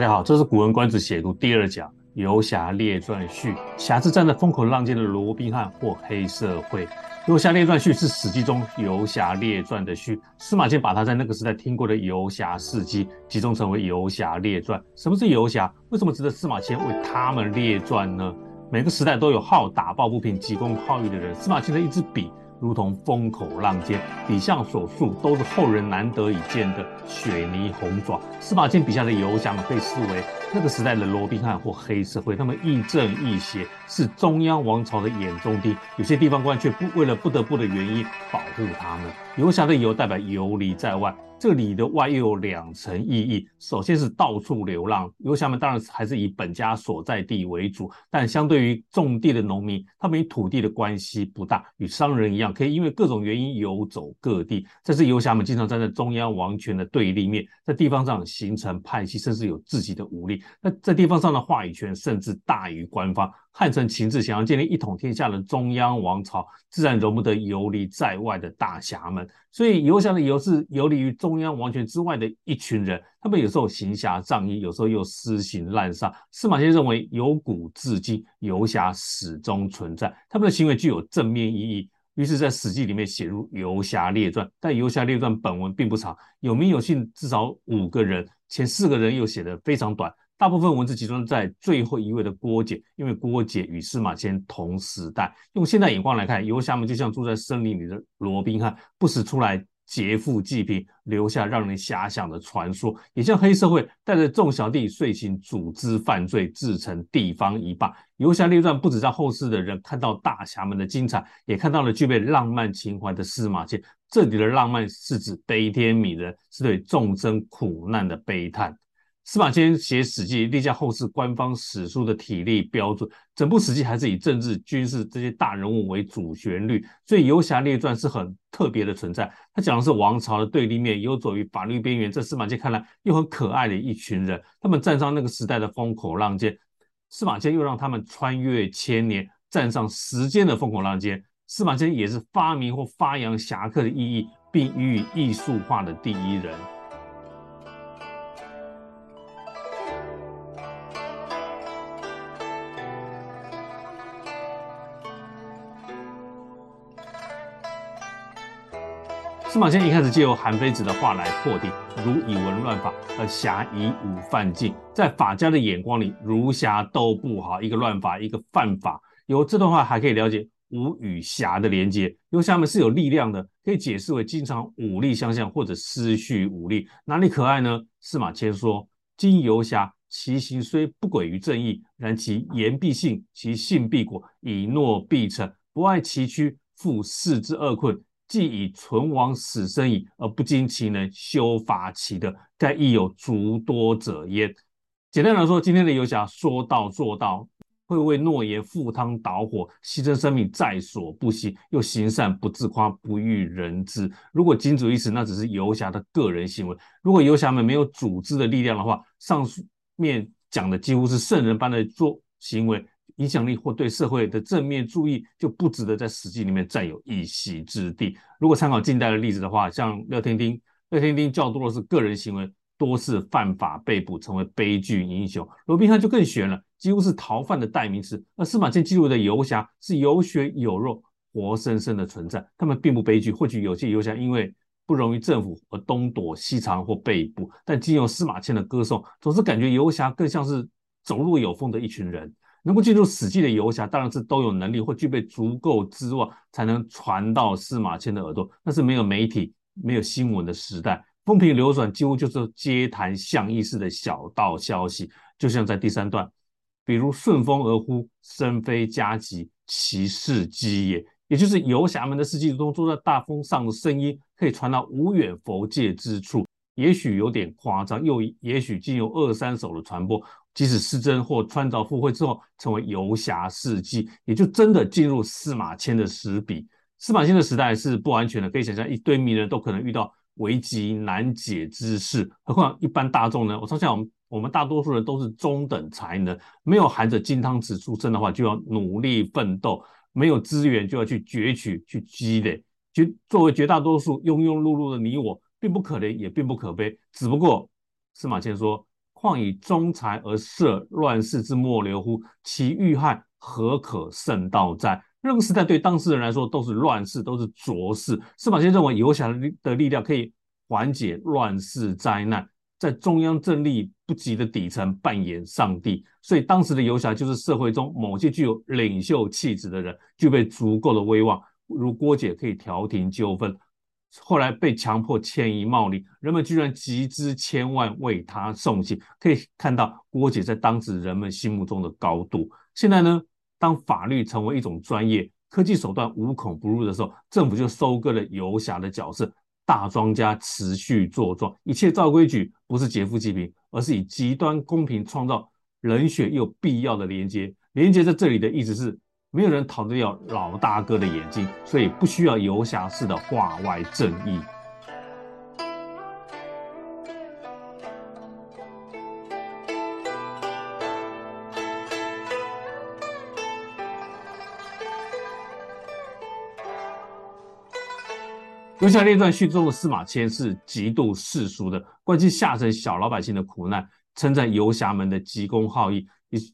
大家好，這是《古文觀止》寫讀第二講《游俠列傳序》。俠是站在風口浪尖的羅賓漢或黑社會。《游俠列傳序》是《史記》中《游俠列傳》的序，司馬遷把他在那個時代聽過的游俠事迹集中成為《游俠列傳》。什麼是游俠？為什麼值得司馬遷為他們列傳呢？每個時代都有好打抱不平、急公好義的人。司馬遷的一支筆。如同風口浪尖，筆下所述都是後人難得一見的雪泥鴻爪。司馬遷筆下的游俠們被視為那個時代的羅賓漢或黑社會，他們亦正亦邪，是中央王朝的眼中釘。有些地方官卻不為了不得不的原因，保護他們。游俠的游代表游離在外。這裡的“外”又有兩層意義。首先是到處流浪，游俠們當然還是以本家所在地為主，但相對於種地的農民，他們與土地的關係不大，與商人一樣，可以因為各種原因游走各地。但是游俠們經常站在中央王權的對立面，在地方上形成派系，甚至有自己的武力。那在地方上的話語權甚至大於官方。漢承秦制，想要建立一統天下的中央王朝，自然容不得游離在外的大俠們。所以游俠的“游”是游離於中、中央王權之外的一群人，他們有時候行俠仗義，有時候又私刑濫殺。司馬遷認為，由古至今，游俠始終存在，他們的行為具有正面意義。於是，在《史記》裡面寫入游俠列傳。但游俠列傳本文並不長，有名有姓至少五個人，前四個人又寫得非常短，大部分文字集中在最後一位的郭解，因為郭解與司馬遷同時代。用現代眼光來看，游俠們就像住在森林裡的羅賓漢，不時出來。劫富濟貧，留下讓人遐想的傳說；也像黑社會帶着眾小弟遂行組織犯罪，制成地方一霸。《游俠列傳》不止讓後世的人看到大俠們的精彩，也看到了具備浪漫情懷的司馬遷。這裡的浪漫是指悲天憫人，是對眾生苦難的悲嘆。司馬遷寫《史記》，立下後世官方史書的體例標準。整部《史記》還是以政治、軍事這些大人物為主旋律，所以《游俠列傳》是很特別的存在。他講的是王朝的對立面，游走於法律邊緣，在司馬遷看來又很可愛的一群人。他們站上那個時代的風口浪尖，司馬遷又讓他們穿越千年，站上時間的風口浪尖。司馬遷也是發明或發揚俠客的意義，並予以藝術化的第一人。司馬遷一開始借由韓非子的話來破題，儒以文亂法，而俠以武犯禁。在法家的眼光裡，儒俠都不好，一個亂法，一個犯法。由這段話還可以了解武與俠的連接，因為俠們是有力量的，可以解釋為經常武力相向或者私蓄武力。哪裡可愛呢？司馬遷說：今游俠，其行雖不軌於正義，然其言必信，其信必果，以諾必誠，不愛其軀，赴士之厄困。既已存亡死生矣，而不矜其能，羞伐其德，蓋亦有足多者焉。簡單來說，今天的游俠說到做到，會為諾言赴湯蹈火，犧牲生、生命在所不惜；又行善不自誇，不欲人知。如果僅止於此，那只是游俠的個人行為。如果游俠們沒有組織的力量的話，上面講的幾乎是聖人般的做行為。影響力或對社會的正面注意，就不值得在史記裡面占有一席之地。如果參考近代的例子的話，像廖添丁，廖添丁較多的是個人行為，多次犯法被捕，成為悲劇英雄。羅賓漢就更懸了，幾乎是逃犯的代名詞。而司馬遷記錄的游俠是有血有肉、活生生的存在，他們並不悲劇。或許有些游俠因為不容於政府而東躲西藏或被捕，但經由司馬遷的歌頌，總是感覺游俠更像是走路有風的一群人。能夠進入史記的游俠，當然是都有能力或具備足夠資望，才能傳到司馬遷的耳朵。那是沒有媒體、沒有新聞的時代，風平流轉，幾乎就是街談巷議式的小道消息。就像在第三段，比如“順風而呼，聲非加疾，其勢急也”，也就是游俠們的事跡中，坐在大風上的聲音可以傳到無遠弗屆之處。也許有點誇張，又也許經由二三手的傳播。即使失真或穿鑿附會之後，成為游俠事跡，也就真的進入司馬遷的史筆。司馬遷的時代是不安全的，可以想象，一堆名人都可能遇到危急難解之事，何況一般大眾呢？我常想，我們我們大多數人都是中等才能，沒有含着金湯匙出生的話，就要努力奮鬥，沒有資源就要去攫取、去積累。絕，作為絕大多數庸庸碌碌的你我，並不可憐，也並不可悲。只不過司馬遷說。況以中材而涉亂世之末流乎？其遇害何可勝道哉？任何時代對當事人來說都是亂世，都是濁世。司馬遷認為游俠的力量可以緩解亂世災難，在中央政力不及的底層扮演上帝。所以當時的游俠就是社會中某些具有領袖氣質的人，具備足夠的威望，如郭解可以調停糾紛。後來被強迫遷移茂陵，人們居然集資千萬為他送行，可以看到郭姐在當時人們心目中的高度。現在呢，當法律成為一種專業、科技手段無孔不入的時候，政府就收割了游俠的角色，大莊家持續作莊，一切照規矩，不是劫富濟貧，而是以極端公平創造冷血又必要的連接。連接在這裡的意思是。沒有人逃得掉老大哥的眼睛，所以不需要游俠式的化外正義。《游俠列傳》序中的司馬遷是極度世俗的，關心下層小老百姓的苦難，稱讚游俠們的急公好義。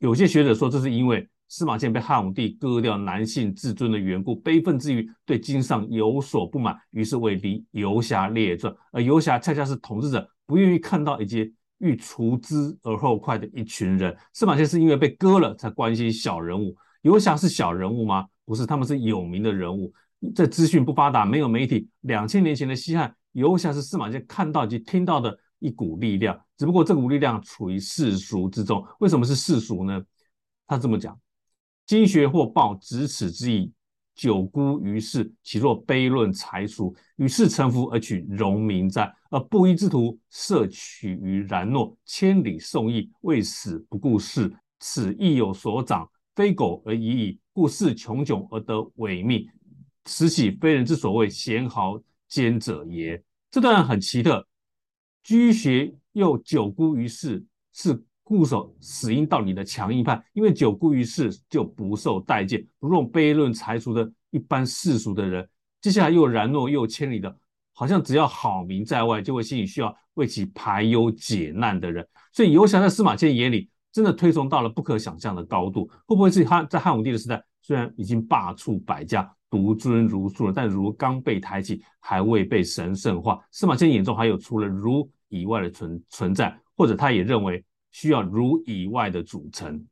有些學者說，這是因為。司馬遷被漢武帝割掉男性自尊的緣故，悲憤之餘對今上有所不滿，於是為《游俠列傳》。而游俠恰恰恰是統治者不願意看到以及欲除之而後快的一群人。司馬遷是因為被割了才關心小人物，游俠是小人物嗎？不是，他們是有名的人物。在資訊不發達、沒有媒體兩千年前的西漢，游俠是司馬遷看到以及聽到的一股力量。只不過這股力量處於世俗之中。為什麼是世俗呢？他這麼講。今學或抱咫尺之義，久孤於世，豈若卑論儕俗，與世沉浮而取榮名哉！而布衣之徒，攝取於然諾，千里誦義，為死不顧世，此亦有所長，非苟而已矣。故士窮窘而得委命。此豈非人之所謂賢豪兼者也。這段很奇特，居學又久孤於世，是。固守死因道理的強硬派，因為久孤於世就不受待見，如同卑論儕俗的一般世俗的人。接下來又然諾又千里的，的好像只要好名在外，就會吸引需要為其排憂解難的人。所以，游俠在司馬遷眼裡真的推崇到了不可想象的高度。會不會是漢在漢武帝的時代，雖然已經罷黜百家，獨尊儒術了，但儒剛被抬起，還未被神聖化。司馬遷眼中還有除了儒以外的存存在，或者他也認為。需要儒以外的組成。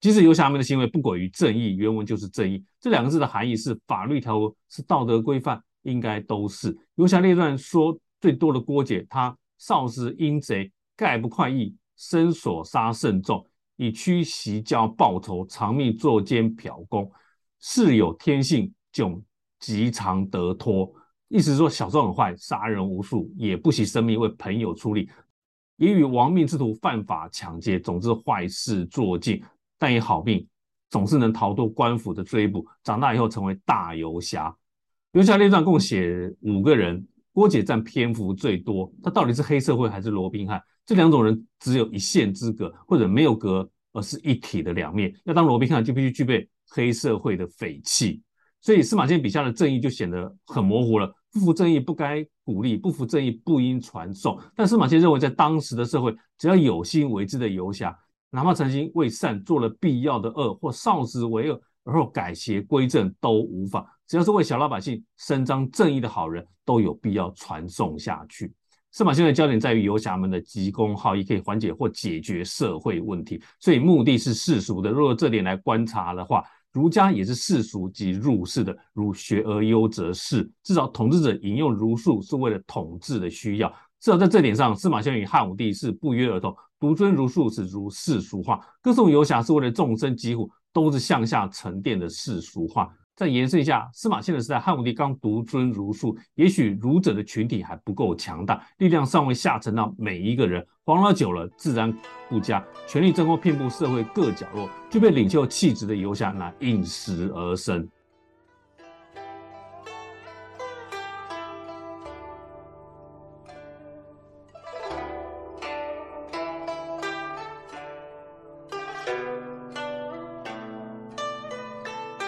即使游俠們的行為不軌於正義，原文就是正義這兩個字的含義是法律條文，是道德規範，應該都是游俠列傳說最多的郭解。他少時陰賊，蓋不快意，身所殺甚眾，以軀借交報仇，藏命作奸剽攻，事有天性，窘急常得脫。意思說，小時候很壞，殺人無數，也不惜生命為朋友出力。也與亡命之徒犯法搶劫，總之壞事做盡，但也好命，總是能逃脫官府的追捕。長大以後成為大游俠。游俠列傳共寫五個人，郭解占篇幅最多。他到底是黑社會還是羅賓漢？這兩種人只有一線之隔，或者沒有隔，而是一體的兩面。要當羅賓漢，就必須具備黑社會的匪氣。所以司馬遷筆下的正義就顯得很模糊了。不服正義不該鼓勵，不服正義不應傳送。但司馬遷認為，在當時的社會，只要有心為之的游俠，哪怕曾經為善做了必要的惡，或少時為惡而後改邪歸正，都無妨。只要是為小老百姓伸張正義的好人，都有必要傳送下去。司馬遷的焦點在於游俠們的急公好義，可以緩解或解決社會問題，所以目的是世俗的。如果這點來觀察的話，儒家也是世俗及入世的，儒學而優則仕。至少統治者引用儒術是為了統治的需要。至少在這點上，司馬遷與漢武帝是不約而同，獨尊儒術是儒世俗化。歌頌游俠是為了眾生疾苦，都是向下沉澱的世俗化。再延伸一下，司馬遷的時代，漢武帝剛獨尊儒術，也許儒者的群體還不夠強大，力量尚未下沉到每一個人。黃老久了，自然不佳，權力真空遍布社會各角落，具備領袖氣質的游俠乃應時而生。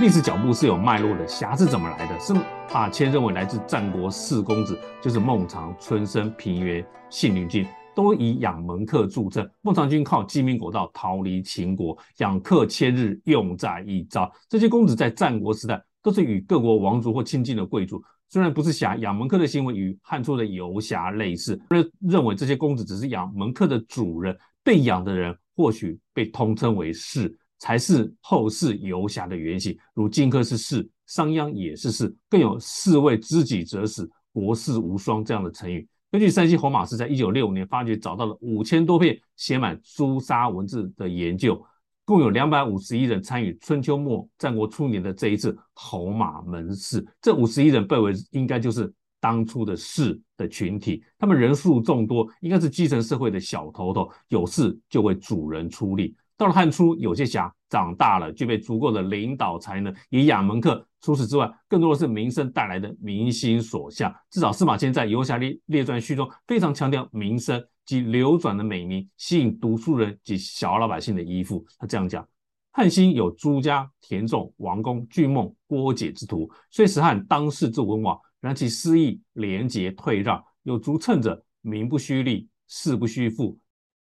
歷史腳步是有脈絡的，俠是怎麼來的？司馬遷認為來自戰國四公子，就是孟嘗、春申、平原、信陵君，都以養門客著稱。孟嘗君靠雞鳴狗盜逃離秦國，養客千日，用在一朝。這些公子在戰國時代都是與各國王族或親近的貴族，雖然不是俠，養門客的行為與漢初的游俠類似。認為這些公子只是養門客的主人，被養的人或許被通稱為士。才是後世游俠的原型，如荊軻是士，商鞅也是士，更有“士為知己者死，國士無雙”這樣的成語。根據山西侯馬市在1965年發掘，找到了五千多片寫滿朱砂文字的研究，共有兩百五十一人參與春秋末戰國初年的這一次侯馬盟誓，這五十一人被認為應該就是當初的士的群體，他們人數眾多，應該是基層社會的小頭頭，有事就為主人出力。到了漢初，有些俠長大了，具備足夠的領導才能，以養門客。除此之外，更多的是名聲帶來的民心所向。至少司馬遷在《游俠列，列傳序》中非常強調名聲及流轉的美名，吸引讀書人及小老百姓的依附。他這樣講：漢興有朱家、田仲、王公、劇孟、郭解之徒，雖時漢當世之文網，然其私義廉潔退讓有足稱者，名不虛立，士不虛附。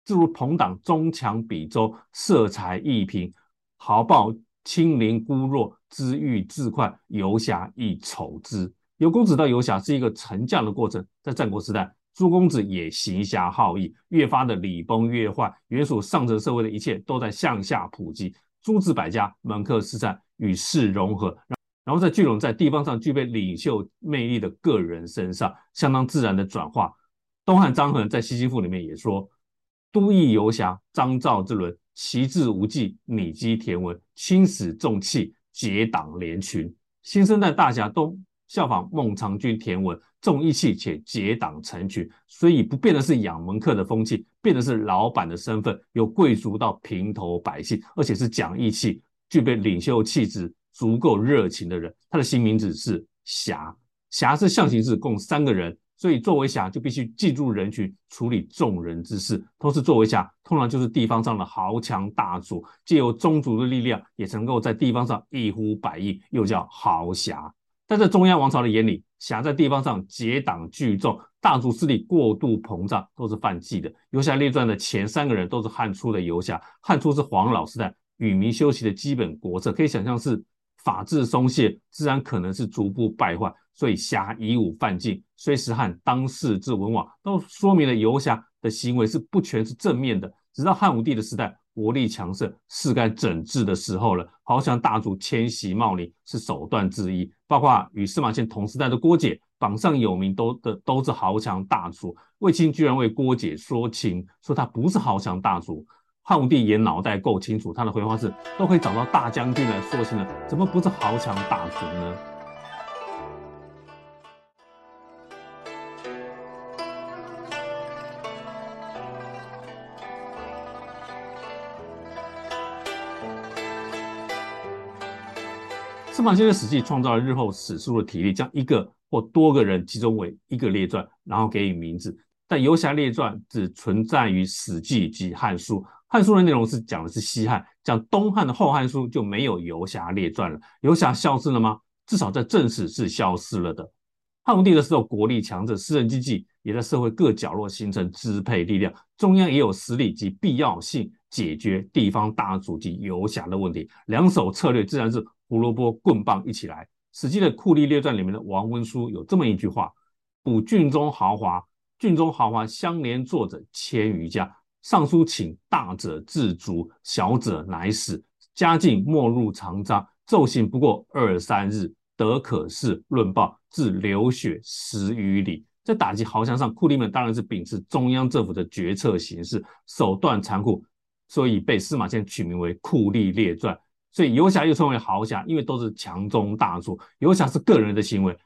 自如朋黨中強比周，設財役貧，豪暴侵凌孤弱，恣欲自快，游俠亦醜之。由公子到游俠是一個沉降的過程。在戰國時代，諸公子也行俠好義，越發的禮崩樂壞，原屬上層社會的一切都在向下普及。諸子百家門客四散，與世融合，然後再聚攏在地方上具備領袖魅力的個人身上，相當自然的轉化。東漢張衡在《西京賦》裡面也說。都邑游俠張趙之倫，齊志無忌，擬跡田文，輕死重氣，結黨連群。新生代大俠都效仿孟嘗君田文，重義氣且結黨成群，所以不變的是養門客的風氣，變的是老板的身份，由貴族到平頭百姓，而且是講義氣、具備領袖氣質、足夠熱情的人。他的新名字是俠，俠是象形字，共三個人。所以，作為俠就必須進入人群，處理眾人之事。同時，作為俠，通常就是地方上的豪強大族，借由宗族的力量，也能夠在地方上一呼百應，又叫豪俠。但在中央王朝的眼裡，俠在地方上結黨聚眾，大族勢力過度膨脹，都是犯忌的。游俠列傳的前三個人都是漢初的游俠，漢初是黃老時代，與民休息的基本國策，可以想象是法治鬆懈，自然可能是逐步敗壞。所以俠以武犯禁，雖是漢當世之文網，都說明了游俠的行為是不全是正面的。直到漢武帝的時代，國力強盛，是該整治的時候了。豪強大族遷徙茂陵是手段之一，包括，啊，與司馬遷同時代的郭解，榜上有名都的都是豪強大族。衛青居然為郭解說情，說他不是豪強大族。漢武帝也腦袋夠清楚，他的回話是：都可以找到大將軍來說情了，怎麼不是豪強大族呢？司馬遷的《史記》創造了日後史書的體例，將一個或多個人集中為一個列傳，然後給予名字。但游俠列傳只存在於《史記》及《漢書》。《漢書》的內容是講的是西漢，講東漢的《後漢書》就沒有游俠列傳了。游俠消失了嗎？至少在正史是消失了的。漢武帝的時候，國力強盛，私人經濟也在社會各角落形成支配力量，中央也有實力及必要性解決地方大族及游俠的問題。兩手策略自然是。胡蘿蔔棍棒一起來，《史記》的酷吏列傳裡面的王溫舒有這麼一句話：“捕郡中豪猾，郡中豪猾，相連坐者千餘家。上書請大者至族，小者乃死。家境沒入償臧，奏行不過二三日，得可事論報，至流血十餘里。”在打擊豪強上，酷吏們當然是秉持中央政府的決策行事，手段殘酷，所以被司馬遷取名為《酷吏列傳》。所以游俠又稱為豪俠，因為都是強中大族。游俠是個人的行為，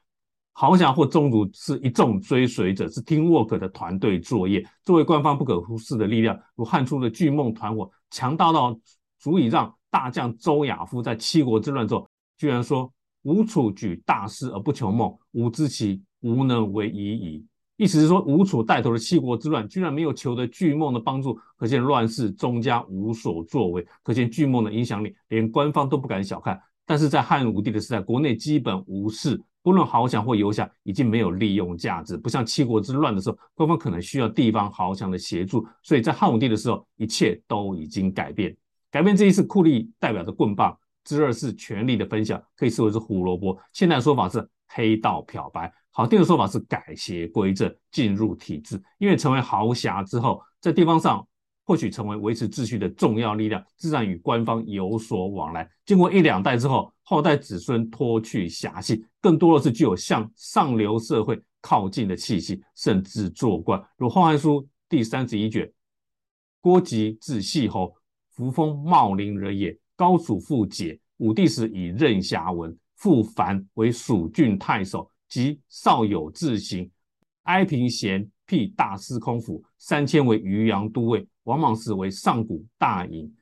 豪俠或宗族是一眾追隨者，是 teamwork 的團隊作業。作為官方不可忽視的力量，如漢初的劇孟團夥，強大到足以讓大將周亞夫在七國之亂中，居然說：吳楚舉大事而不求孟，吾知其無能為已矣。意思是說，吳楚帶頭的七國之亂居然沒有求得巨夢的幫助，可見亂世中家無所作為，可見巨夢的影響力連官方都不敢小看。但是在漢武帝的時代，國內基本無事，不論豪強或游俠，已經沒有利用價值。不像七國之亂的時候，官方可能需要地方豪強的協助，所以在漢武帝的時候，一切都已經改變。改變這一次，酷吏代表着棍棒；之二是權力的分享，可以視為是胡蘿蔔。現在的說法是。黑道漂白，好，第二個說法是改邪歸正，進入體制。因為成為豪俠之後，在地方上或許成為維持秩序的重要力量，自然與官方有所往來。經過一兩代之後，後代子孫脫去俠氣，更多的是具有向上流社會靠近的氣息，甚至做官。如《後漢書》第三十一卷，郭伋字細侯，扶風茂陵人也。高祖父解，武帝時以任俠聞。傅凡為蜀郡太守，即少有志行，哀平間，辟大司空府，三遷為漁陽都尉。王莽時為上谷大尹。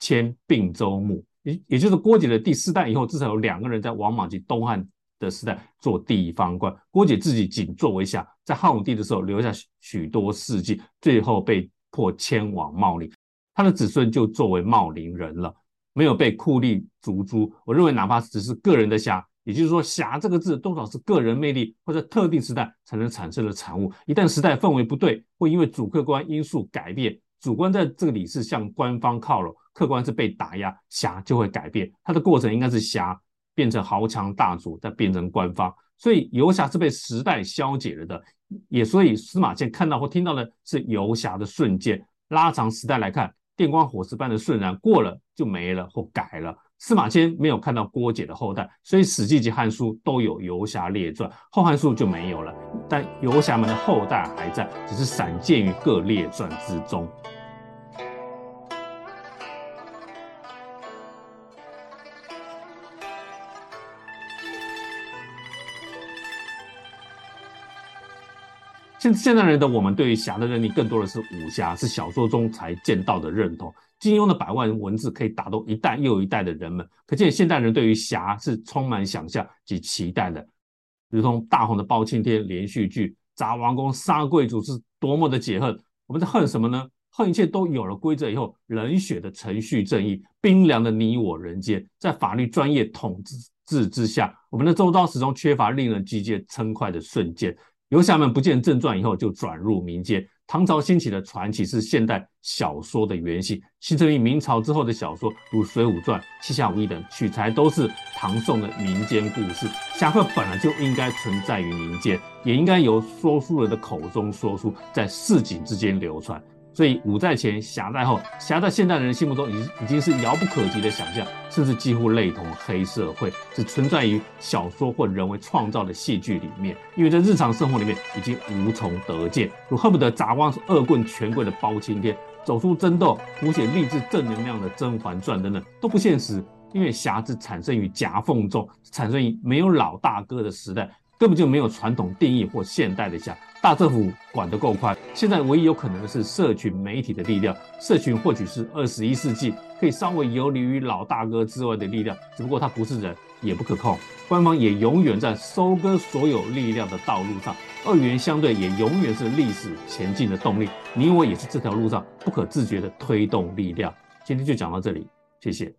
遷并州牧。也也就是郭解的第四代以後，至少有兩個人在王莽及東漢的時代做地方官。郭解自己僅作為俠，在漢武帝的時候留下許多事跡，最後被迫遷往茂陵，他的子孫就作為茂陵人了。沒有被酷吏逐誅，我認為哪怕只是個人的俠，也就是說“俠”這個字多少是個人魅力或者特定時代才能產生的產物。一旦時代氛圍不對，會因為主客觀因素改變。主觀在這裡是向官方靠攏，客觀是被打壓，俠就會改變。它的過程應該是俠變成豪強大族，再變成官方。所以游俠是被時代消解了的，也所以司馬遷看到或聽到的是游俠的瞬間。拉長時代來看。電光火石般的瞬然，過了就沒了或改了。司馬遷沒有看到郭解的後代，所以《史記》及《漢書》都有游俠列傳，後漢書就沒有了。但游俠們的後代還在，只是散見於各列傳之中。現現代人的我們對於俠的認定，更多的是武俠，是小說中才見到的認同。金庸的百萬文字可以打動一代又一代的人們，可見現代人對於俠是充滿想象及期待的。如同大紅的包青天連續劇，砸王宮、殺貴族是多麼的解恨。我們在恨什麼呢？恨一切都有了規則以後，冷血的程序正義、冰涼的你我人間，在法律專業統治之下，我們的周遭始終缺乏令人擊節稱快的瞬間。游俠們不見正傳以後，就轉入民間。唐朝興起的傳奇是現代小說的原型。形成於明朝之後的小說，如《水滸傳》《七俠五義》等，取材都是唐宋的民間故事。俠客本來就應該存在於民間，也應該由說書人的口中說出，在市井之間流傳。所以，武在前，俠在後。俠在現代人心目中已已經是遙不可及的想象，甚至幾乎類同黑社會，只存在於小說或人為創造的戲劇裡面。因為在日常生活裡面已經無從得見，如恨不得鍘光是惡棍權貴的包青天，走出爭鬥，譜寫勵志正能量的《甄嬛傳》等等，都不現實。因為俠字產生於夾縫中，產生於沒有老大哥的時代，根本就沒有傳統定義或現代的俠。大政府管得夠寬，現在唯一有可能是社群媒體的力量。社群或許是二十一世紀可以稍微游離於老大哥之外的力量，只不過它不是人，也不可控。官方也永遠在收割所有力量的道路上，二元相對也永遠是歷史前進的動力。你我也是這條路上不可自覺的推動力量。今天就講到這裡，謝謝。